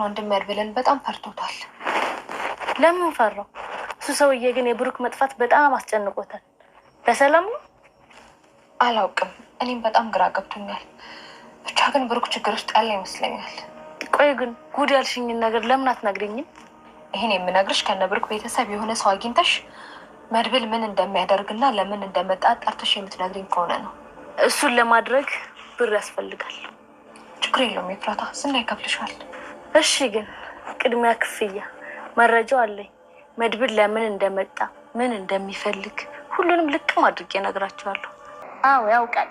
ነው እንድመር ብለን በጣም ፈርቶታል። ለምን ፈራው? እሱ ሰውዬ ግን የብሩክ መጥፋት በጣም አስጨንቆታል። በሰላም አላውቅም። እኔም በጣም ግራ ገብቶኛል። ብቻ ግን ብሩክ ችግር ውስጥ ያለ ይመስለኛል። ቆይ ግን ጉድ ያልሽኝን ነገር ለምን አትነግሪኝም? ይህን የምነግርሽ ከነ ብሩክ ቤተሰብ የሆነ ሰው አግኝተሽ መድብል ምን እንደሚያደርግና ለምን እንደመጣ ጠርተሽ የምትነግሪኝ ከሆነ ነው። እሱን ለማድረግ ብር ያስፈልጋል። ችግር የለውም። የፍራታ ስና ይከፍልሻል። እሺ፣ ግን ቅድሚያ ክፍያ መረጃው አለኝ። መድብል ለምን እንደመጣ ምን እንደሚፈልግ ሁሉንም ልቅም አድርጌ እነግራቸዋለሁ። አዎ ያውቃል።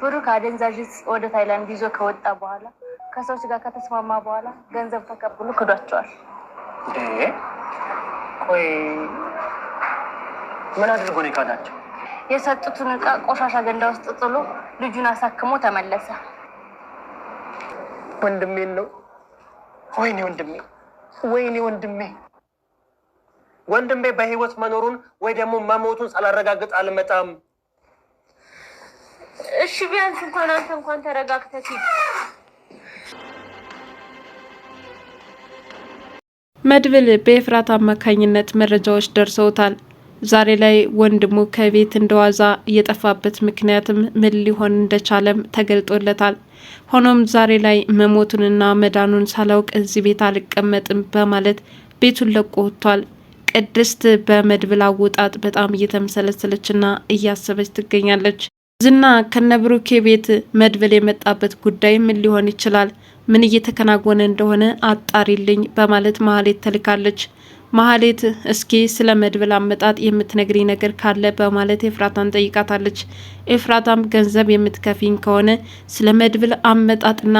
ብሩክ አደንዛዥ ወደ ታይላንድ ይዞ ከወጣ በኋላ ከሰዎች ጋር ከተስማማ በኋላ ገንዘብ ተቀብሎ ክዷቸዋል። ቆይ ምን አድርጎ ነው የካዳቸው? የሰጡትን እቃ ቆሻሻ ገንዳ ውስጥ ጥሎ ልጁን አሳክሞ ተመለሰ። ወንድሜን ነው ወይኔ ወንድሜ፣ ወይኔ ወንድሜ፣ ወንድሜ በህይወት መኖሩን ወይ ደግሞ መሞቱን ሳላረጋግጥ አልመጣም። እሺ ቢያንስ እንኳን አንተ እንኳን ተረጋግተህ መድብል በኤፍራት አማካኝነት መረጃዎች ደርሰውታል። ዛሬ ላይ ወንድሙ ከቤት እንደዋዛ እየጠፋበት ምክንያትም ምን ሊሆን እንደቻለም ተገልጦለታል። ሆኖም ዛሬ ላይ መሞቱንና መዳኑን ሳላውቅ እዚህ ቤት አልቀመጥም በማለት ቤቱን ለቆ ወጥቷል። ቅድስት በመድብል አወጣጥ በጣም እየተመሰለሰለችና እያሰበች ትገኛለች። ዝና ከነብሩኬ ቤት መድብል የመጣበት ጉዳይ ምን ሊሆን ይችላል? ምን እየተከናወነ እንደሆነ አጣሪልኝ በማለት መሀሌት ተልካለች። ማህሌት እስኪ ስለ መድብል አመጣጥ የምትነግሪ ነገር ካለ በማለት ኤፍራታን ጠይቃታለች። ኤፍራታም ገንዘብ የምትከፊኝ ከሆነ ስለ መድብል አመጣጥና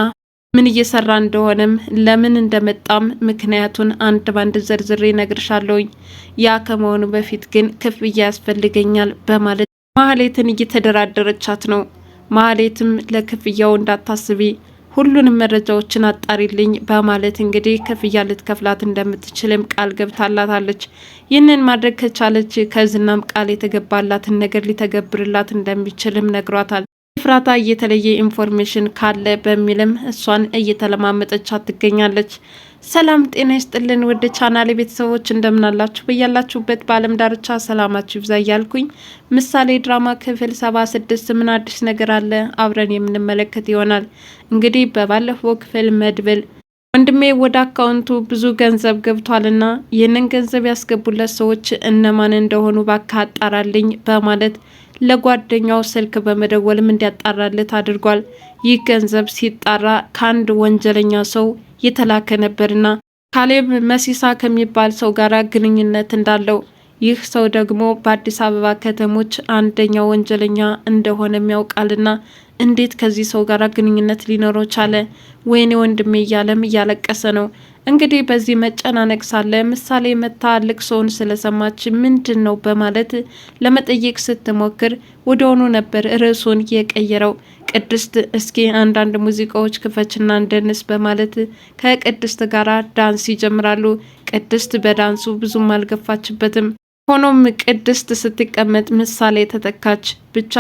ምን እየሰራ እንደሆነም ለምን እንደመጣም ምክንያቱን አንድ ባንድ ዘርዝሬ ነግርሻለውኝ። ያ ከመሆኑ በፊት ግን ክፍያ ያስፈልገኛል በማለት ማህሌትን እየተደራደረቻት ነው። ማህሌትም ለክፍያው እንዳታስቢ ሁሉንም መረጃዎችን አጣሪልኝ በማለት እንግዲህ ክፍያ ልትከፍላት እንደምትችልም ቃል ገብታላታለች። ይህንን ማድረግ ከቻለች ከዝናም ቃል የተገባላትን ነገር ሊተገብርላት እንደሚችልም ነግሯታል። ከኤፍራታ እየተለየ ኢንፎርሜሽን ካለ በሚልም እሷን እየተለማመጠች ትገኛለች። ሰላም ጤና ይስጥልን ወደ ቻናል ቤተሰቦች እንደምናላችሁ በያላችሁበት በአለም ዳርቻ ሰላማችሁ ይብዛ እያልኩኝ ምሳሌ ድራማ ክፍል ሰባ ስድስት ምን አዲስ ነገር አለ አብረን የምንመለከት ይሆናል። እንግዲህ በባለፈው ክፍል መድብል ወንድሜ ወደ አካውንቱ ብዙ ገንዘብ ገብቷልና ይህንን ገንዘብ ያስገቡለት ሰዎች እነማን እንደሆኑ ባካ አጣራልኝ በማለት ለጓደኛው ስልክ በመደወልም እንዲያጣራለት አድርጓል። ይህ ገንዘብ ሲጣራ ከአንድ ወንጀለኛ ሰው የተላከ ነበርና ካሌብ መሲሳ ከሚባል ሰው ጋር ግንኙነት እንዳለው ይህ ሰው ደግሞ በአዲስ አበባ ከተሞች አንደኛው ወንጀለኛ እንደሆነም ያውቃልና እንዴት ከዚህ ሰው ጋር ግንኙነት ሊኖረው ቻለ? ወይኔ ወንድሜ እያለም እያለቀሰ ነው። እንግዲህ በዚህ መጨናነቅ ሳለ ምሳሌ መታ ልቅሶውን ስለሰማች ምንድን ነው በማለት ለመጠየቅ ስትሞክር ወደሆኑ ነበር ርዕሱን የቀየረው። ቅድስት እስኪ አንዳንድ ሙዚቃዎች ክፈችና እንደንስ በማለት ከቅድስት ጋር ዳንስ ይጀምራሉ። ቅድስት በዳንሱ ብዙም አልገፋችበትም። ሆኖም ቅድስት ስትቀመጥ ምሳሌ ተተካች ብቻ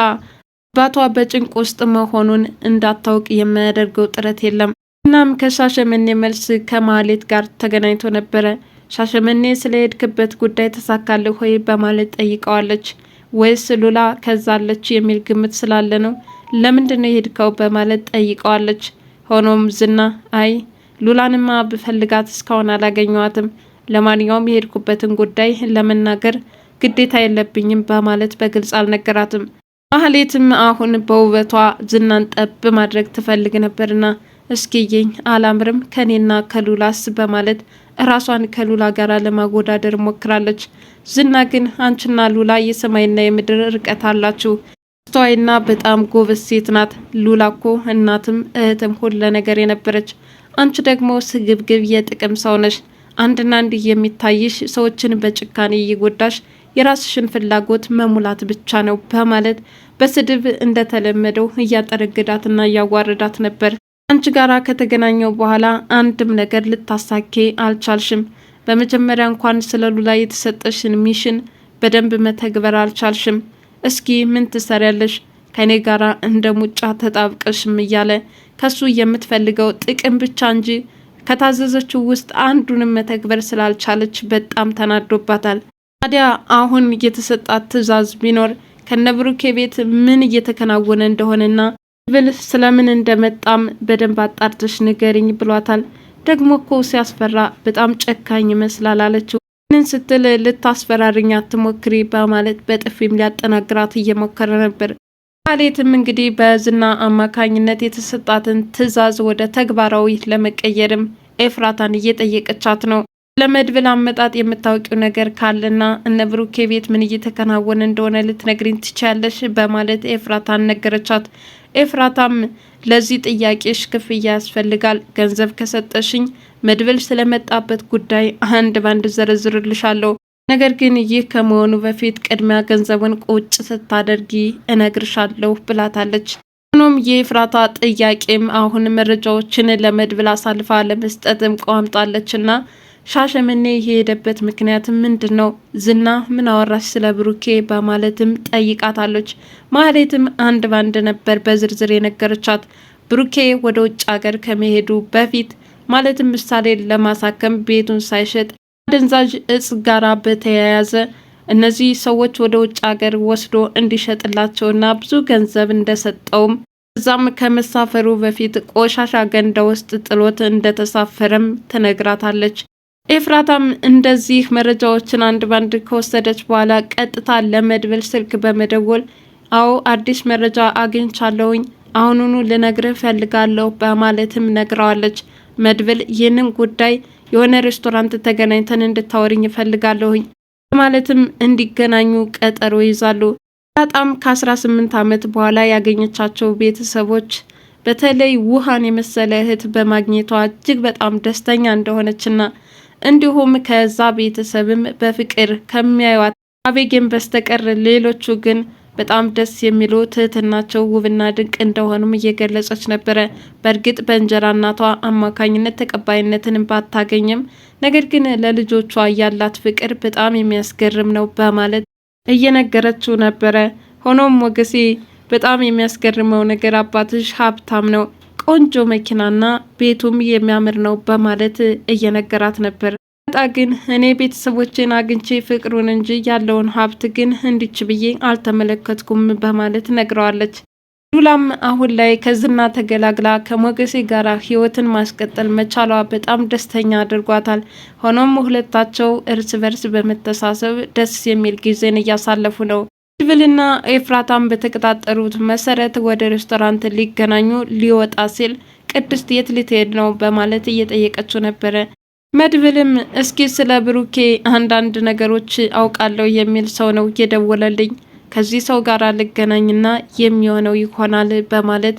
ባቷ በጭንቅ ውስጥ መሆኑን እንዳታውቅ የሚያደርገው ጥረት የለም። እናም ከሻሸመኔ መልስ ከማሌት ጋር ተገናኝቶ ነበረ። ሻሸመኔ ስለሄድክበት ጉዳይ ተሳካልህ ሆይ በማለት ጠይቀዋለች። ወይስ ሉላ ከዛለች የሚል ግምት ስላለ ነው ለምንድን ነው የሄድከው በማለት ጠይቀዋለች። ሆኖም ዝና አይ ሉላንማ ብፈልጋት እስካሁን አላገኘዋትም፣ ለማንኛውም የሄድኩበትን ጉዳይ ለመናገር ግዴታ የለብኝም በማለት በግልጽ አልነገራትም። ማህሌትም አሁን በውበቷ ዝናን ጠብ ማድረግ ትፈልግ ነበርና እስኪየኝ አላምርም ከኔና ከሉላስ በማለት ራሷን ከሉላ ጋር ለማወዳደር ሞክራለች። ዝና ግን አንቺና ሉላ የሰማይና የምድር ርቀት አላችሁ። አስተዋይና በጣም ጎበዝ ሴት ናት። ሉላ እኮ እናትም እህትም ሁለ ነገር የነበረች፣ አንቺ ደግሞ ስግብግብ የጥቅም ሰው ነሽ። አንድና አንድ የሚታይሽ ሰዎችን በጭካኔ እየጎዳሽ የራስሽን ፍላጎት መሙላት ብቻ ነው በማለት በስድብ እንደተለመደው እያጠረግዳትና እያዋረዳት ነበር። አንቺ ጋር ከተገናኘው በኋላ አንድም ነገር ልታሳኬ አልቻልሽም። በመጀመሪያ እንኳን ስለ ሉላ የተሰጠሽን ሚሽን በደንብ መተግበር አልቻልሽም። እስኪ ምን ትሰሪያለሽ ከእኔ ጋር እንደ ሙጫ ተጣብቀሽም እያለ ከሱ የምትፈልገው ጥቅም ብቻ እንጂ ከታዘዘችው ውስጥ አንዱንም መተግበር ስላልቻለች በጣም ተናዶባታል። ታዲያ አሁን የተሰጣት ትዕዛዝ ቢኖር ከነብሩኬ ቤት ምን እየተከናወነ እንደሆነና ብል ስለምን እንደመጣም በደንብ አጣርተሽ ንገሪኝ ብሏታል። ደግሞ እኮ ሲያስፈራ በጣም ጨካኝ ይመስላል አለችው። ይህንን ስትል ልታስፈራርኛ ትሞክሪ በማለት በጥፊም ሊያጠናግራት እየሞከረ ነበር። ካሌትም እንግዲህ በዝና አማካኝነት የተሰጣትን ትዕዛዝ ወደ ተግባራዊ ለመቀየርም ኤፍራታን እየጠየቀቻት ነው። ለመድብል አመጣጥ የምታውቂው ነገር ካለና እነ ብሩኬ ቤት ምን እየተከናወነ እንደሆነ ልትነግሪኝ ትችያለሽ? በማለት ኤፍራታን ነገረቻት። ኤፍራታም ለዚህ ጥያቄሽ ክፍያ ያስፈልጋል፣ ገንዘብ ከሰጠሽኝ መድብል ስለመጣበት ጉዳይ አንድ ባንድ ዘረዝርልሻለሁ። ነገር ግን ይህ ከመሆኑ በፊት ቅድሚያ ገንዘቡን ቁጭ ስታደርጊ እነግርሻለሁ ብላታለች። ሆኖም የኤፍራታ ጥያቄም አሁን መረጃዎችን ለመድብል አሳልፋ ለመስጠትም ቋምጣለችና ሻሸመኔ የሄደበት ምክንያት ምንድን ነው? ዝና ምን አወራሽ ስለ ብሩኬ በማለትም ጠይቃታለች። ማህሌትም አንድ ባንድ ነበር በዝርዝር የነገረቻት። ብሩኬ ወደ ውጭ ሀገር ከመሄዱ በፊት ማለትም ምሳሌ ለማሳከም ቤቱን ሳይሸጥ አደንዛዥ እጽ ጋራ በተያያዘ እነዚህ ሰዎች ወደ ውጭ ሀገር ወስዶ እንዲሸጥላቸውና ብዙ ገንዘብ እንደሰጠውም እዛም ከመሳፈሩ በፊት ቆሻሻ ገንዳ ውስጥ ጥሎት እንደተሳፈረም ትነግራታለች። ኤፍራታም እንደዚህ መረጃዎችን አንድ ባንድ ከወሰደች በኋላ ቀጥታ ለመድብል ስልክ በመደወል አዎ አዲስ መረጃ አግኝቻለሁኝ አሁኑኑ ልነግርህ ፈልጋለሁ በማለትም ነግረዋለች። መድብል ይህንን ጉዳይ የሆነ ሬስቶራንት ተገናኝተን እንድታወርኝ እፈልጋለሁኝ በማለትም እንዲገናኙ ቀጠሮ ይዛሉ። በጣም ከ18 ዓመት በኋላ ያገኘቻቸው ቤተሰቦች በተለይ ውሃን የመሰለ እህት በማግኘቷ እጅግ በጣም ደስተኛ እንደሆነችና እንዲሁም ከዛ ቤተሰብም በፍቅር ከሚያዩት አቤጌን በስተቀር ሌሎቹ ግን በጣም ደስ የሚሉ ትህትናቸው ውብና ድንቅ እንደሆኑም እየገለጸች ነበረ። በእርግጥ በእንጀራ እናቷ አማካኝነት ተቀባይነትን ባታገኝም ነገር ግን ለልጆቿ ያላት ፍቅር በጣም የሚያስገርም ነው በማለት እየነገረችው ነበረ። ሆኖም ሞገሴ በጣም የሚያስገርመው ነገር አባትሽ ሀብታም ነው ቆንጆ መኪናና ቤቱም የሚያምር ነው በማለት እየነገራት ነበር። ዳጣ ግን እኔ ቤተሰቦችን አግኝቼ ፍቅሩን እንጂ ያለውን ሀብት ግን እንዲች ብዬ አልተመለከትኩም በማለት ነግረዋለች። ሉላም አሁን ላይ ከዝና ተገላግላ ከሞገሴ ጋር ህይወትን ማስቀጠል መቻሏ በጣም ደስተኛ አድርጓታል። ሆኖም ሁለታቸው እርስ በርስ በመተሳሰብ ደስ የሚል ጊዜን እያሳለፉ ነው። ናትናኤልና ኤፍራታም በተቀጣጠሩት መሰረት ወደ ሬስቶራንት ሊገናኙ ሊወጣ ሲል ቅድስት የት ልትሄድ ነው በማለት እየጠየቀችው ነበረ። መድብልም እስኪ ስለ ብሩኬ አንዳንድ ነገሮች አውቃለሁ የሚል ሰው ነው የደወለልኝ፣ ከዚህ ሰው ጋር ልገናኝና የሚሆነው ይሆናል በማለት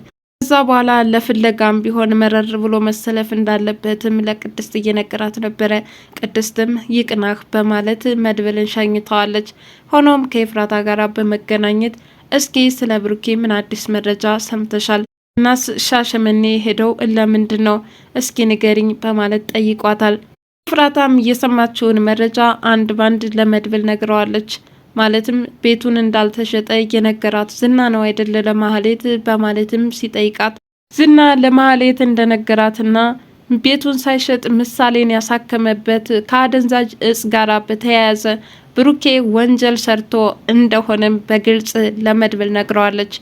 ከዛ በኋላ ለፍለጋም ቢሆን መረር ብሎ መሰለፍ እንዳለበትም ለቅድስት እየነገራት ነበረ። ቅድስትም ይቅናህ በማለት መድብልን ሸኝተዋለች። ሆኖም ከኤፍራታ ጋር በመገናኘት እስኪ ስለ ብሩኬ ምን አዲስ መረጃ ሰምተሻል? እናስ ሻሸመኔ ሄደው ለምንድን ነው እስኪ ንገሪኝ በማለት ጠይቋታል። ኤፍራታም የሰማችውን መረጃ አንድ ባንድ ለመድብል ነግረዋለች። ማለትም ቤቱን እንዳልተሸጠ የነገራት ዝና ነው አይደለ ለማህሌት በማለትም ሲጠይቃት ዝና ለማህሌት እንደነገራትና ቤቱን ሳይሸጥ ምሳሌን ያሳከመበት ከአደንዛዥ እጽ ጋር በተያያዘ ብሩኬ ወንጀል ሰርቶ እንደሆነም በግልጽ ለመድብል ነግረዋለች።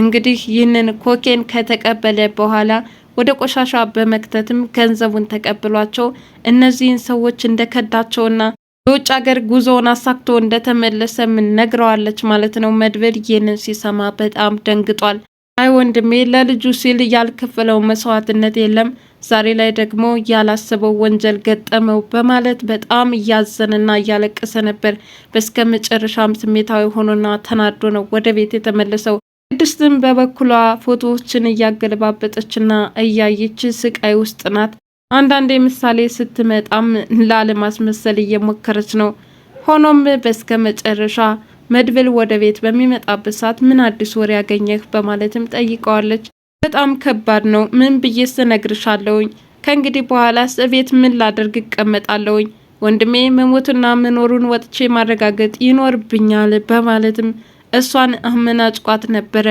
እንግዲህ ይህንን ኮኬን ከተቀበለ በኋላ ወደ ቆሻሻ በመክተትም ገንዘቡን ተቀብሏቸው እነዚህን ሰዎች እንደከዳቸውና በውጭ ሀገር ጉዞውን አሳክቶ እንደተመለሰም ነግረዋለች ማለት ነው። መድብል ይህንን ሲሰማ በጣም ደንግጧል። አይ ወንድሜ ለልጁ ሲል ያልከፈለው መስዋዕትነት የለም፣ ዛሬ ላይ ደግሞ ያላሰበው ወንጀል ገጠመው በማለት በጣም እያዘነና እያለቀሰ ነበር። በስከ መጨረሻም ስሜታዊ ሆኖና ተናዶ ነው ወደ ቤት የተመለሰው። ቅድስትም በበኩሏ ፎቶዎችን እያገለባበጠችና እያየች ስቃይ ውስጥ ናት። አንዳንዴ ምሳሌ ስትመጣም ላለማስመሰል እየሞከረች ነው። ሆኖም በስከ መጨረሻ መድብል ወደ ቤት በሚመጣበት ሰዓት ምን አዲስ ወሬ ያገኘህ በማለትም ጠይቀዋለች። በጣም ከባድ ነው። ምን ብዬ ስነግርሻለውኝ? ከእንግዲህ በኋላስ እቤት ምን ላደርግ እቀመጣለሁኝ? ወንድሜ መሞትና መኖሩን ወጥቼ ማረጋገጥ ይኖርብኛል በማለትም እሷን አመናጭቋት ነበረ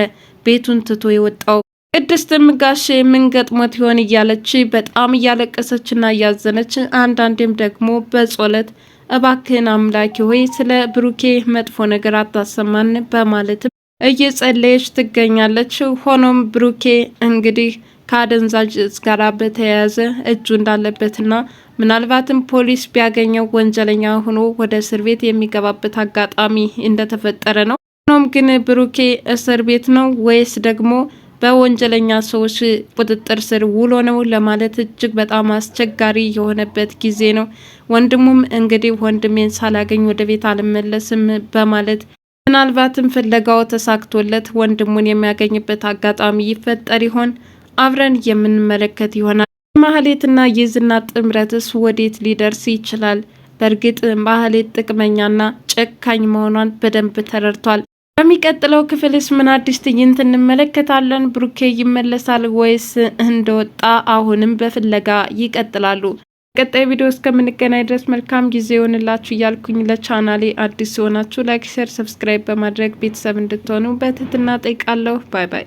ቤቱን ትቶ የወጣው። ቅድስትም ጋሼ ምን ገጥሞት ይሆን እያለች በጣም እያለቀሰችና እያዘነች አንዳንዴም ደግሞ በጸሎት እባክህን አምላኪ ሆይ ስለ ብሩኬ መጥፎ ነገር አታሰማን በማለትም እየጸለየች ትገኛለች። ሆኖም ብሩኬ እንግዲህ ከአደንዛዥ እጽ ጋር በተያያዘ እጁ እንዳለበትና ምናልባትም ፖሊስ ቢያገኘው ወንጀለኛ ሆኖ ወደ እስር ቤት የሚገባበት አጋጣሚ እንደተፈጠረ ነው። ሆኖም ግን ብሩኬ እስር ቤት ነው ወይስ ደግሞ በወንጀለኛ ሰዎች ቁጥጥር ስር ውሎ ነው ለማለት እጅግ በጣም አስቸጋሪ የሆነበት ጊዜ ነው። ወንድሙም እንግዲህ ወንድሜን ሳላገኝ ወደ ቤት አልመለስም በማለት ምናልባትም ፍለጋው ተሳክቶለት ወንድሙን የሚያገኝበት አጋጣሚ ይፈጠር ይሆን? አብረን የምንመለከት ይሆናል። ማህሌትና የዝና ጥምረትስ ወዴት ሊደርስ ይችላል? በእርግጥ ማህሌት ጥቅመኛና ጨካኝ መሆኗን በደንብ ተረድቷል። በሚቀጥለው ክፍልስ ምን አዲስ ትዕይንት እንመለከታለን? ብሩኬ ይመለሳል ወይስ እንደወጣ አሁንም በፍለጋ ይቀጥላሉ? በቀጣይ ቪዲዮ እስከምንገናኝ ድረስ መልካም ጊዜ ይሆንላችሁ እያልኩኝ ለቻናሌ አዲስ ሲሆናችሁ ላይክ፣ ሸር፣ ሰብስክራይብ በማድረግ ቤተሰብ እንድትሆኑ በትህትና ጠይቃለሁ። ባይ ባይ።